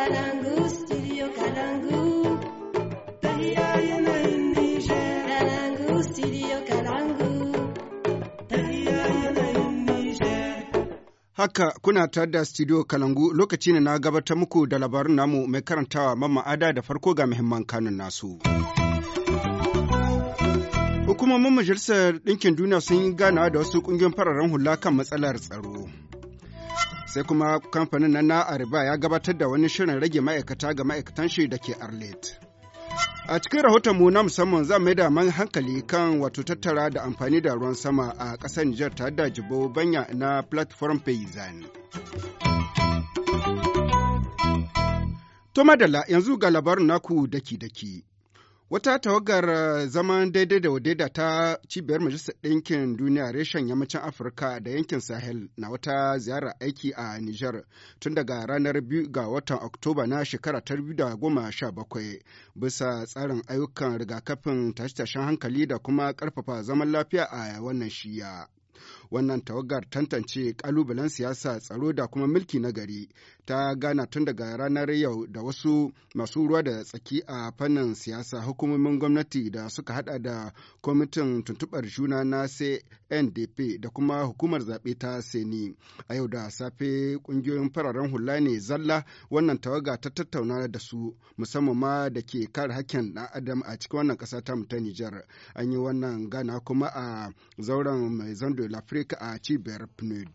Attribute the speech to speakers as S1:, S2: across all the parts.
S1: Kalangu, studio Kalangu. Kalangu, studio
S2: Haka kuna tare da studio Kalangu lokaci ne na gabatar muku da labarin namu mai karantawa mamma ada da farko ga muhimman kanun nasu. Hukumomin Majalisar Ɗinkin Duniya sun yi ganawa da wasu ƙungiyoyin fararen hula kan matsalar tsaro. sai kuma kamfanin nan na Ariba ya gabatar da wani shirin rage ma'aikata ga ma'aikatan shi da ke Arlet. A cikin rahoton mu na musamman za mai da man hankali kan wato tattara da amfani da ruwan sama a ƙasar Nijar tare da jibo banya na platform Payzan. To madalla yanzu ga labarin naku daki-daki. Wata tawagar eh, zaman daidai da wadaida ta cibiyar Majalisar Ɗinkin Duniya reshen yammacin Afirka da yankin Sahel na wata ziyara aiki a Nijar tun daga ranar biyu ga watan Oktoba na shekara ta da goma sha bakwai bisa tsarin ayyukan rigakafin tashe-tashen hankali da kuma ƙarfafa zaman lafiya a wannan shiya. wannan tawagar tantance ƙalubalen siyasa tsaro da kuma mulki na gari ta gana tun daga ranar yau da wasu masu ruwa da tsaki a fannin siyasa hukumomin gwamnati da suka hada da kwamitin tuntubar juna na CNDP da kuma hukumar zaɓe ta Seni. A yau da safe ƙungiyoyin fararen hula ne zalla wannan tawaga ta tattauna da su musamman ma da ke kare hakkin ɗan adam a cikin wannan ƙasa ta ta Nijar. An yi wannan gana kuma a zauren mai zando lafrika a cibiyar PNUD.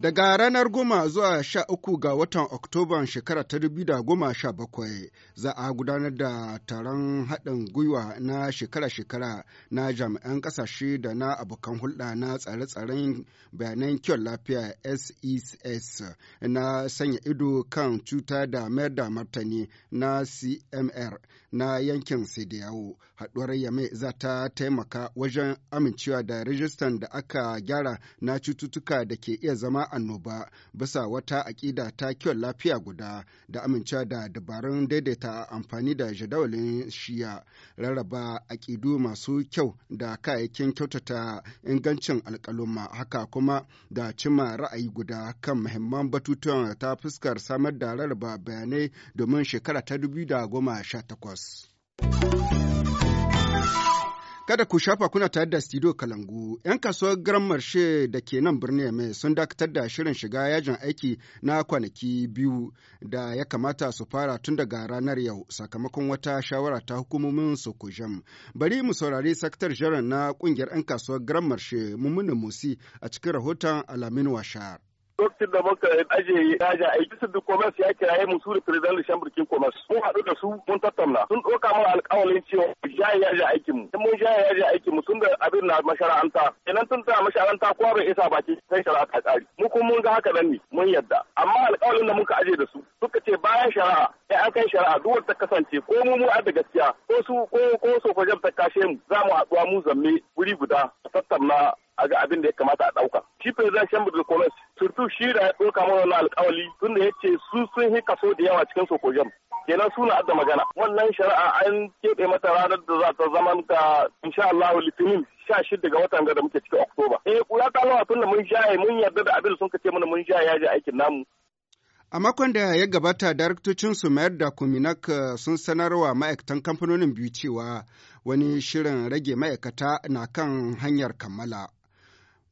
S2: Daga ranar goma zuwa sha uku ga watan Oktoba shekara ta dubu da goma sha bakwai za a gudanar da taron haɗin gwiwa na shekara-shekara na jami'an ƙasashe da na abokan hulɗa na tsare-tsaren bayanan kyau lafiya SES e na sanya ido kan cuta da mayar da martani na CMR na yankin Sidiyawo. Haɗuwar Yame za ta taimaka wajen amincewa da rijistan da aka gyara na cututtuka da ke iya zama annoba bisa wata aƙida ta kiwon lafiya guda da amincewa da dabarun daidaita amfani da jadawalin shiya rarraba aƙidu masu kyau da kayayyakin kyautata ingancin alƙaluma haka kuma da cima ra'ayi guda kan muhimman batutuwan ta fuskar samar da rarraba bayanai domin shekara ta 2018. Kada ku shafa kuna tare da studio Kalangu, ‘yan kasuwar Grand Marshe da ke nan birnin mai sun dakatar da shirin shiga yajin aiki na kwanaki biyu da ya kamata su fara tun daga ranar yau sakamakon wata shawara ta hukumomin Sokojam. Bari mu saurari Sakatar Jiran na ƙungiyar ‘yan kasuwar Grand Marshe, Mummunan Musi a cikin rahoton Alamin Washar. lokacin da
S3: muka aje a aiki su commerce ya kiraye mu su da president chamber kin commerce mun haɗu da su mun tattauna sun ɗauka mu alƙawalin cewa ja yaja aikin mu mun ja yaja aikin mu tun da abin na mashara'anta idan tun tana mashararanta kowa bai isa baki sai shara ta tsari mu kuma mun ga haka nan ne mun yadda amma alƙawalin da muka aje da su suka ce bayan shari'a ya' an kai shari'a duk wata kasance ko mu mu da gaskiya ko su ko ko so ta kashe mu za mu haɗuwa mu zamme wuri guda tattauna a ga abin da ya kamata a ɗauka. Shi president Shambu da Kolos, surtu shi da ya ɗauka mana wannan alƙawali tun da ya ce su sun yi kaso da yawa cikin Sokojam. Kenan suna adda magana. Wannan shari'a an keɓe mata ranar da za ta zama ga insha Allahu Litinin sha shida ga watan da muke cikin Oktoba. Eh kula ta lawa tun da mun sha mun yarda da abin sun kace mana mun sha ya ji aikin namu.
S2: A makon da ya gabata, daraktocin su mayar da Kuminak eh, sun sanarwa ma'aikatan kamfanonin biyu cewa wani shirin rage ma'aikata na kan hanyar kammala.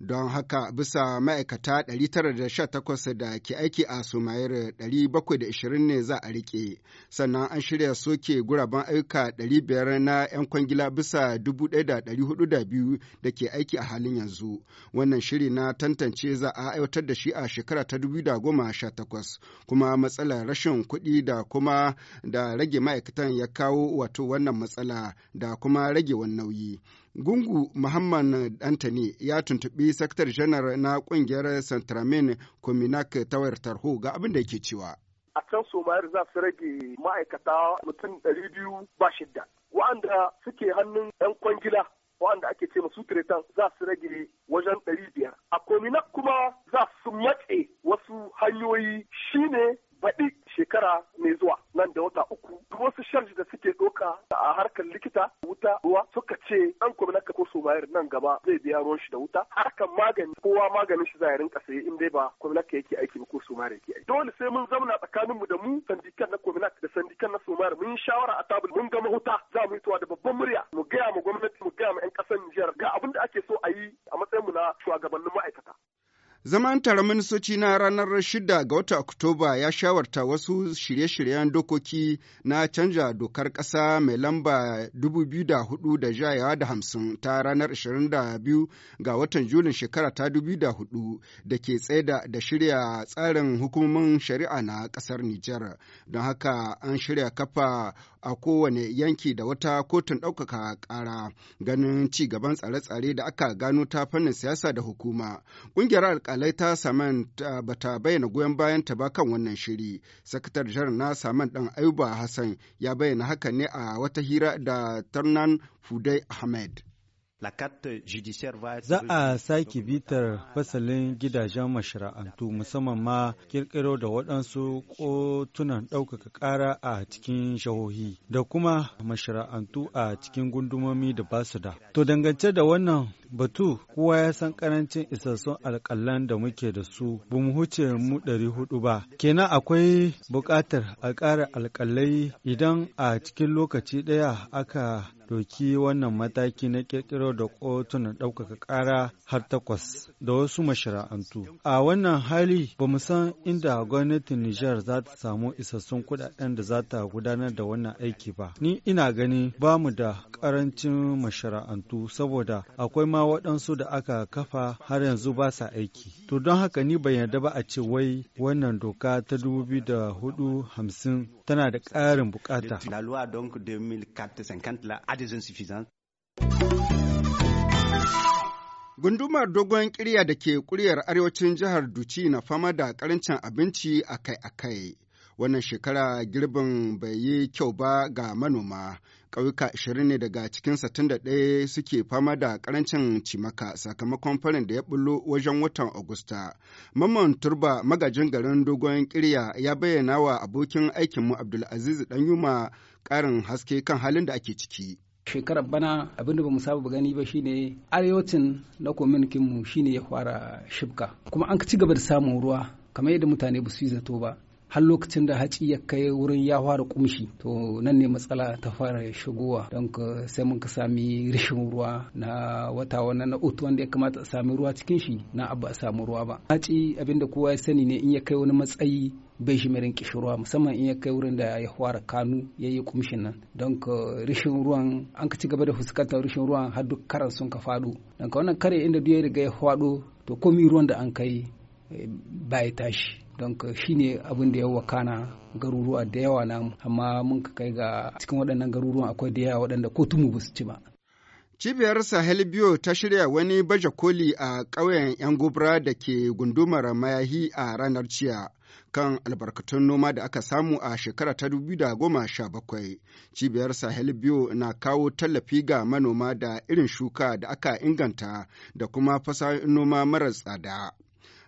S2: don haka bisa ma'aikata 918 da ke aiki a sumayar 720 ne za a rike sannan an shirya soke guraben ayyuka 500 na 'yan kwangila bisa 1,402 da ke aiki a halin yanzu wannan shiri na tantance za a aiwatar da shi a shekara ta 2018 kuma matsalar rashin kuɗi da kuma da rage ma'aikatan ya kawo wato wannan matsala da kuma rage nauyi Gungu Muhammad Dantani ya tuntuɓi Saktar Janar na ƙungiyar Santramin Kominak ta wayar tarho ga abin da yake cewa.
S3: A can Somayar za su rage ma'aikata mutum ɗari biyu ba shidda. Wa'anda suke hannun 'yan kwangila wa'anda ake ce masu tiretan za su rage wajen ɗari biyar. A Kominak kuma za su matse wasu hanyoyi shine baɗi shekara mai zuwa nan da wata ayyuka a harkar likita wuta ruwa suka ce ɗan gwamnati ko su bayar nan gaba zai biya ruwan shi da wuta harkar magani kowa maganin shi za rinka sai. in dai ba gwamnati yake aiki ko su mare yake aiki dole sai mun zauna tsakanin mu da mu sandikan na gwamnati da sandikan na sumar mun yi shawara a tabul mun gama wuta. za mu yi tuwa da babban murya mu gaya mu gwamnati mu gaya mu 'yan kasan Nijar ga abin da ake so a yi a matsayin mu
S2: na shugabannin ma'aikata. Zaman tara ministoci na ranar 6 ga watan Oktoba ya shawarta wasu shirye-shiryen dokoki na canja dokar ƙasa mai lamba 2004 da jayawa da hamsin ta ranar 22 ga watan Julin shekara ta 2004 da ke tsaida da shirya tsarin hukumomin shari'a na ƙasar Nijar. Don haka an shirya kafa a kowane yanki da wata kotun ɗaukaka ƙara ganin ci gaban tsare-tsare da aka gano ta fannin siyasa da hukuma. Ƙungiyar alƙalai ta Saman bata bayyana goyon bayan ta ba kan wannan shiri. Sakatar jihar na Saman ɗan Ayuba Hassan ya bayyana haka ne a wata hira da Tarnan Fudai Ahmed. Za a
S1: sake bitar fasalin gidajen mashara'antu musamman ma kirkiro da waɗansu kotunan ɗaukaka ƙara a cikin shahohi da kuma mashara'antu a cikin gundumomi da ba su da. To dangance da wannan batu kowa ya san karancin isassun alkalan da muke da su ba mu huce mu ɗari hudu ba. Kenan akwai buƙatar a ƙara alƙalai idan a cikin lokaci ɗaya aka doki wannan mataki na kirkiro da kotun ɗaukaka ƙara har takwas da wasu mashara'antu. A wannan hali ba mu san inda gwamnatin Nijar za ta samu isassun kuɗaɗen da za ta gudanar da wannan aiki ba. Ni ina gani ba mu da ƙarancin mashara'antu saboda akwai ma waɗansu da aka kafa har yanzu ba sa aiki. To don haka ni bai yarda ba a ce wai wannan doka ta da hudu hamsin tana da ƙarin bukata.
S2: des insuffisances. Gundumar dogon kirya da ke ƙuryar arewacin jihar Duci na fama da karancin abinci akai-akai. Wannan shekara girbin bai yi kyau ba ga manoma. Ƙauyuka 20 ne daga cikin 61 suke fama da karancin cimaka sakamakon farin da ya bullo wajen watan Agusta. Mamman Turba magajin garin dogon kirya ya bayyana wa abokin aikinmu Abdulaziz Danyuma ƙarin haske kan halin da ake ciki. shekarar bana abinda ba mu saba gani ba shine arewacin na kominikin mu shine ya fara shibka kuma an ci gaba da samun ruwa kamar yadda mutane ba su yi zato ba har lokacin da haci ya kai wurin ya fara kumshi to nan ne matsala ta fara shigowa don sai mun ka sami rishin ruwa na wata wannan na utu wanda ya kamata a sami ruwa cikin shi na abu a samu ruwa ba haci abinda kowa ya sani ne in ya kai wani matsayi bai shi mirin ruwa musamman in ya kai wurin da ya fara kanu ya yi kumshin nan don ka rishin ruwan an ka ci gaba da fuskantar rishin ruwan har duk karan sun ka faɗo don ka wannan kare inda duk ya riga ya faɗo to komi ruwan da an kai eh, ba tashi don ka ne abin da ya wakana garuruwa da yawa na amma mun ka kai ga cikin waɗannan garuruwan akwai da yawa waɗanda ko tumu ba su ci ba Cibiyar Sahel Biyo ta shirya wani baje koli a ƙauyen 'yan gobra da ke gundumar mayahi a ranar ciya. kan albarkatun noma da aka samu a shekara ta bakwai, Cibiyar Sahel biyu na kawo tallafi ga manoma da irin shuka da aka inganta da kuma fasahohin noma maras tsada.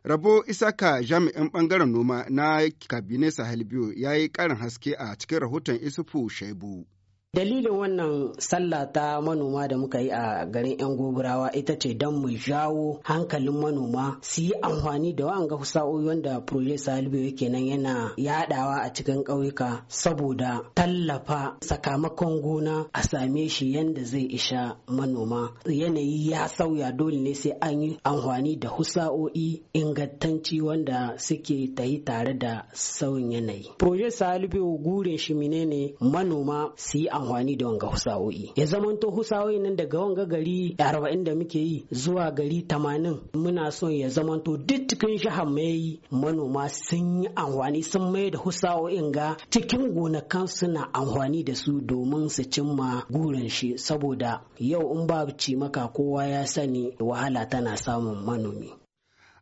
S2: Rabo Isaka jami'in bangaren noma na Kabine Sahel biyu ya yi ƙarin haske a cikin rahoton Isufu Shaibu.
S4: Dalilin wannan sallah ta manoma da muka yi a garin 'yan goburawa ita ce don mu jawo hankalin manoma su yi amfani da wa'anga sa'o'i wanda Proje Salibu yake nan yana yadawa a cikin ƙauyuka saboda tallafa sakamakon gona a same shi yanda zai isha manoma. Yanayi ya sauya dole ne sai an yi amfani da husa'o'i ingantanci wanda suke tayi tare da sauyin yanayi. Proje Salibu gurin shi ne manoma su yi amfani da wanga husawoyi ya zamanto husawoyi nan daga wanga gari arba'in da muke yi zuwa gari tamanin muna son ya zamanto duk cikin mai manoma sun yi amfani sun mai da husa'o'in ga cikin gonakan suna amfani da su domin su cimma gurin shi saboda yau in ba ci maka kowa ya sani wahala tana samun manomi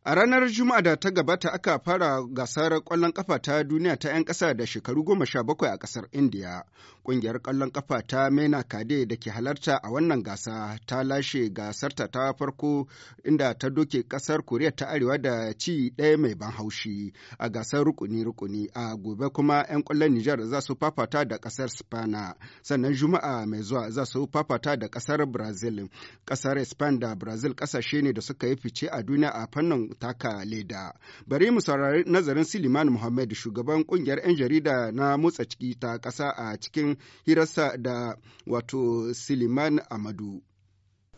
S4: A ranar Juma'a da ta gabata aka fara
S2: gasar ƙwallon ƙafa ta duniya ta 'yan ƙasa da shekaru goma sha bakwai a ƙasar India Ƙungiyar ƙwallon ƙafa ta Mena Kade da ke halarta a wannan gasa ta lashe gasarta ta farko inda ta doke ƙasar Koriya ta Arewa da ci ɗaya mai ban haushi a gasar rukuni-rukuni a gobe kuma 'yan ƙwallon Nijar za su fafata da ƙasar Spana sannan Juma'a mai zuwa za su fafata da ƙasar Brazil. Ƙasar Spain da Brazil ƙasashe ne da suka yi fice a duniya a fannin taka leda. Bari mu saurari nazarin Suleiman Muhammad shugaban kungiyar 'yan jarida na motsa ciki ta ƙasa a cikin hirarsa da wato Suleiman Amadu.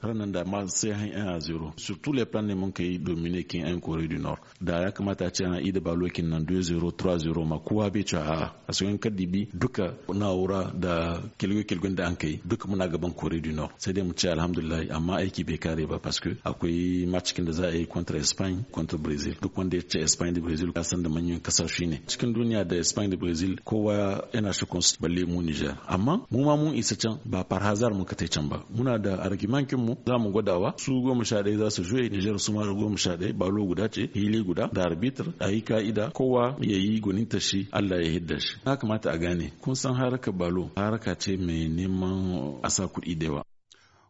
S5: ranar da ma sai han yan a zero surtout les plans ne mun kai domine kin yan kore du nord da ya kamata ce ana ida balokin nan 2-0 3-0 ma kowa bai ci a a cikin kadibi duka na'ura da kilgo-kilgon da an kai duka muna gaban kore du nord sai dai mu ce alhamdulillah amma aiki bai kare ba parce que akwai match da za a yi contre espagne contre Brazil duk wanda ya ce espagne da Brazil ka san da manyan kasashe ne cikin duniya da espagne da Brazil kowa yana shakon su balle mu Niger amma mu ma mun isa can ba farhazar muka tai can ba muna da argument mu za mu gwadawa su goma sha ɗaya za su juye Nijar su ma goma sha ɗaya balo guda ce hili guda da arbitr a yi ka'ida kowa ya yi gwaninta shi Allah ya hidda shi. Na kamata a gane kun san haraka balo haraka ce mai neman a sa kuɗi da yawa.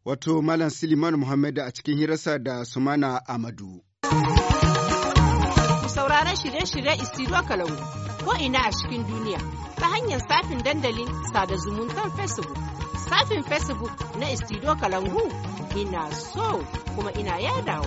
S2: Wato Malam Siliman Muhammad a cikin hirarsa da Sumana Amadu.
S4: sauraron shirye-shirye istiro kalangu ko ina a cikin duniya ta hanyar safin dandalin sada zumuntar facebook shafin facebook na istido kalangu ina so kuma ina yadawa.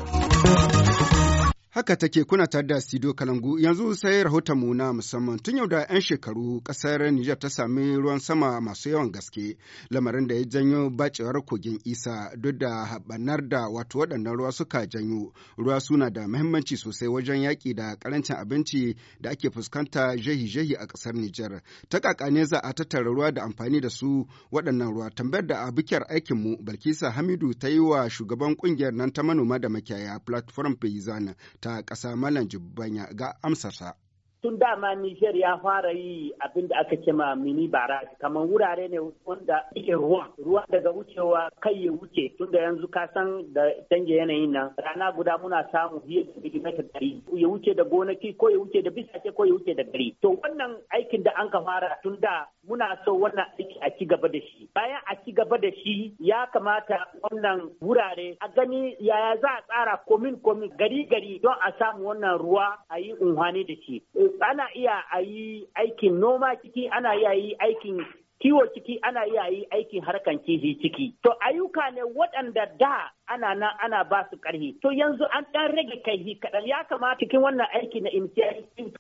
S2: Haka take kuna tare da Sido Kalangu yanzu sai rahoton mu na musamman tun yau da 'yan shekaru kasar Nijar ta sami ruwan sama masu yawan gaske lamarin da ya janyo bacewar kogin isa duk da habanar da wato waɗannan ruwa suka janyo ruwa suna da muhimmanci sosai wajen yaƙi da ƙarancin abinci da ake fuskanta jehi-jehi a ƙasar Nijar. Ta ne za a tattara ruwa da amfani da su waɗannan ruwa tambayar da a aikin mu Balkisa Hamidu ta yi wa shugaban ƙungiyar nan ta manoma da makiyaya platform Payzana ta ƙasa Malam ya ga amsarsa.
S4: tun dama Niger ya fara yi abin da aka kema mini bara kamar wurare ne wanda ike ruwa ruwa daga wucewa kai ya wuce tun da yanzu ka san da canje yanayin nan rana guda muna samu fiye da milimita gari ya wuce da gonaki ko ya wuce da bisa ko ya wuce da gari to wannan aikin da an ka fara tun da muna so wannan aiki a ci gaba da shi bayan a ci gaba da shi ya kamata wannan wurare a gani yaya za a tsara komin komin gari gari don a samu wannan ruwa a yi unhani da shi ana iya a yi aikin noma ciki ana iya yi aikin kiwo ciki ana iya yi aikin harkan kihi ciki. To ayyuka ne waɗanda da ana nan ana ba su ƙarfi. To yanzu an ɗan rage kaihi kaɗan ya kamata cikin wannan aiki na MCI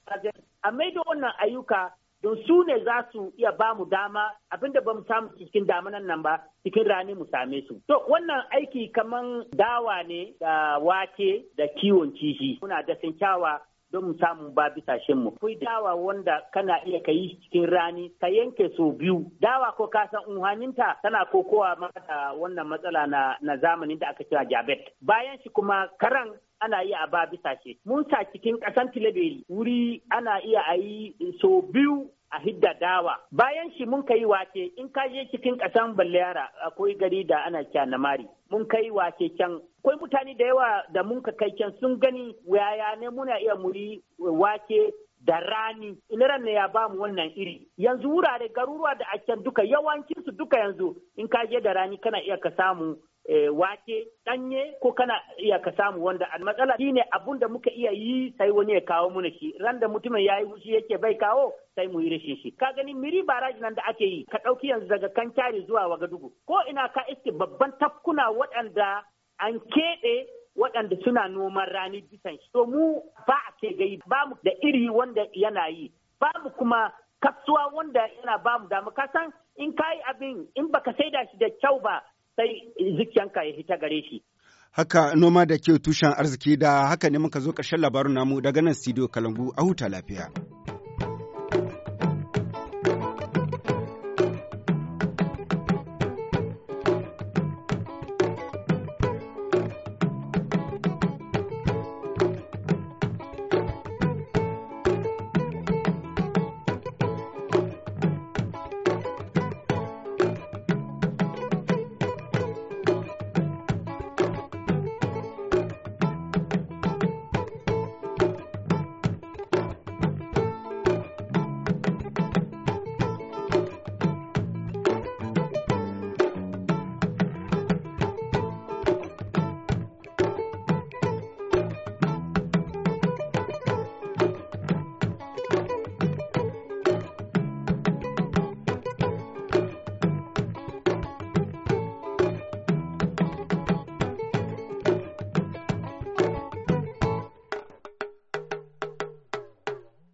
S4: a maido wannan ayyuka don su ne za su iya ba mu dama abinda ba mu samu cikin damanan nan ba cikin rani mu same su. To wannan aiki kaman dawa ne da wake da kiwon kifi. Muna da kyawa don mu samu ba bisa mu. Akwai dawa wanda kana iya kayi cikin rani ka yanke so biyu. Dawa ko ka san unhaninta tana kokowa ma wannan matsala na, zamanin da aka cewa jabet. Bayan shi kuma karan ana iya a ba bisa ce. Mun sa cikin ƙasan Tilaberi wuri ana iya a yi so biyu a hidda dawa bayan shi mun kai wace in ka je cikin ƙasan yara, akwai gari da ana kya mari. mun kai wace can akwai mutane da yawa da mun ka kai can sun gani yaya ne muna iya muri wake da rani ran ne ya ba mu wannan iri yanzu wurare garuruwa da a can duka yawancinsu duka yanzu in ka je da rani kana iya ka samu Eh, wake ɗanye, ko kana iya ka samu wanda a matsala shi ne abun da muka iya yi sai wani ya kawo muna shi ran da mutumin ya yi wuce yake bai kawo sai mu yi rashin shi ka gani miri baraji nan da ake yi ka ɗauki yanzu daga kyari zuwa wagadugu ko ina ka iske babban tafkuna waɗanda an keɓe waɗanda suna noman rani bisan shi to mu ba a ke gai ba mu da iri wanda yana yi ba mu kuma kasuwa wanda yana ba mu damu san in ka yi abin in baka saida shi da kyau ba sai zikiyanka ya hita gare shi.
S2: Haka noma da kyau tushen arziki da haka ne muka zo ƙarshen labarun namu daga nan studio Kalangu a huta
S4: lafiya.